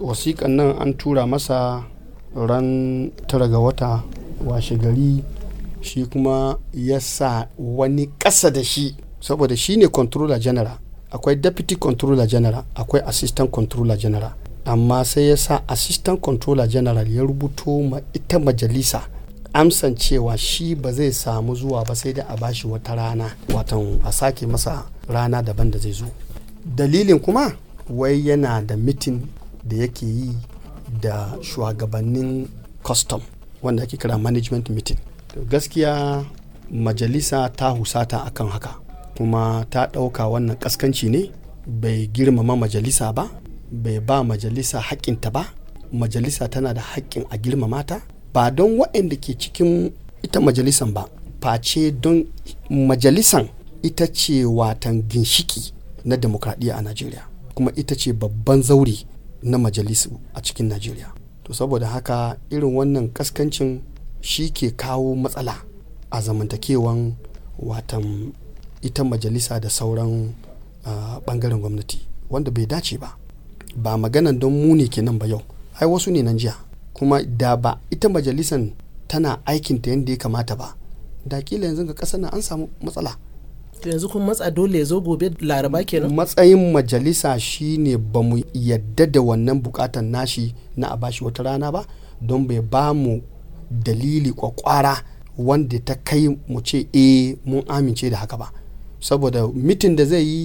wasiƙan nan an tura masa ran tara ga wata washe gari shi kuma ya sa wani ƙasa da shi saboda shi ne controller general akwai deputy controller general akwai assistant controller general amma sai ya sa assistant controller general ya rubuto ma ita majalisa amsan cewa shi ba zai samu zuwa ba sai da a bashi wata rana watan a sake masa rana daban da zai zo dalilin kuma wai yana da mitin da yake yi da shugabannin custom wanda ake kira management meeting gaskiya majalisa ta husata akan haka kuma ta ɗauka wannan ƙaskanci ne bai girmama majalisa ba bai ba majalisa haƙƙinta ba majalisa tana da haƙƙin a girmama ta ba don waɗanda ke cikin ita majalisan ba face don majalisan ita ce watan ginshiki na demokradiyya a najeriya kuma ita ce babban zauri na majalisu a cikin najeriya to saboda haka irin wannan kaskancin shi ke kawo matsala a zamantakewan watan ita majalisa da sauran uh, bangaren gwamnati wanda bai dace ba ba maganan don mu ne kenan ba yau ai wasu ne nan jiya kuma da ba ita majalisan tana aikinta yadda ya kamata ba da kila yanzu ga kasar na an samu matsala yanzu kun matsa dole ya zo gobe laraba kenan matsayin majalisa shine ba mu yadda da wannan bukatan nashi na a bashi wata rana ba don bai ba mu dalili kwakwara wanda ta kai mu ce eh mun amince da haka ba saboda mitin da zai yi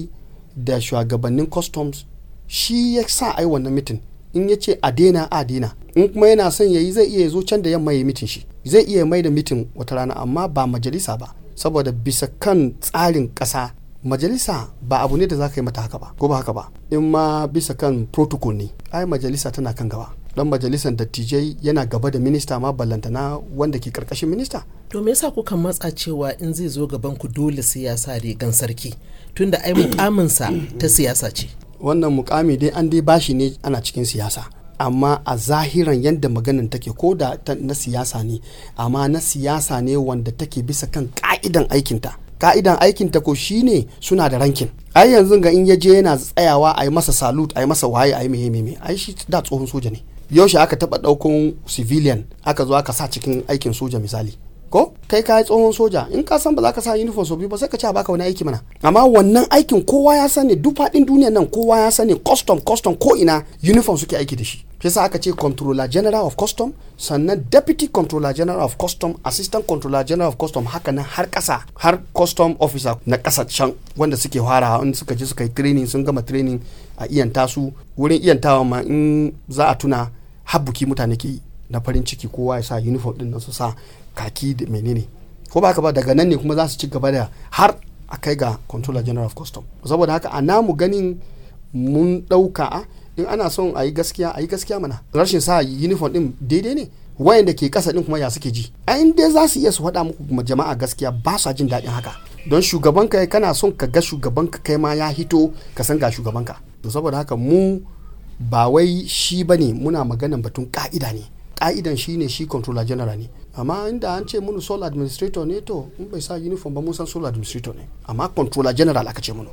da shugabannin customs shi ya sa ai wannan mitin in ya ce a adena in kuma yana son ya yi zai iya zo can da yamma ya mitin shi zai iya mai da mitin wata rana amma ba majalisa ba saboda bisa kan tsarin ƙasa majalisa ba abu ne da za ka yi mata haka ba ko ba haka ba in ma bisa kan protocol ne ai majalisa tana kan gaba dan majalisar dattijai yana gaba da minista ma ballantana wanda ke karkashin minista to me yasa kuka matsa cewa in zai zo gaban ku dole ya siyasa rigan sarki tunda ai mukaminsa ta siyasa ce wannan mukami dai an dai bashi ne ana cikin siyasa amma a zahiran yadda maganin take ko da na siyasa ne amma na siyasa ne wanda take bisa kan ka'idan aikinta ka'idan aikinta ko shine suna da rankin ai yanzu ga in ya je yana tsayawa a yi masa salute a yi masa waye a yi meye ai shi da tsohon soja ne yaushe aka taba ɗaukun civilian aka zo aka sa cikin aikin soja misali ko kai ka yi tsohon soja in ka san ba za ka sa uniform so biyu ba sai ka ce a baka wani aiki mana amma wannan aikin kowa ya sani duk faɗin duniyan nan kowa ya sani custom custom ko ina uniform suke aiki da shi shi sa aka ce controller general of custom sannan deputy controller general of custom assistant controller general of custom haka nan har kasa har custom officer na kasashen wanda suke fara in suka je suka yi training sun gama training a iyanta su wurin iyantawa ma in za a tuna habbuki mutane ke yi na farin ciki kowa ya sa uniform din nan su sa kaki da menene ko ba ka ba daga nan ne kuma za su ci gaba da har a kai ga controller general of custom saboda haka a mu ganin mun ɗauka a in ana son a yi gaskiya a yi gaskiya mana rashin sa uniform din daidai ne wayan da ke kasa din kuma ya suke ji a in dai za su iya su faɗa muku jama'a gaskiya ba su jin daɗin haka don shugaban ka kana son ka ga shugaban ka kai ma ya hito ka san ga shugabanka. saboda haka mu ba wai shi bane muna maganan batun ka'ida ne ka'idan shi ne shi controller general ne amma inda an ce munu sole administrator ne to in bai sa uniform ba mun san sole administrator ne amma controller general aka ce munu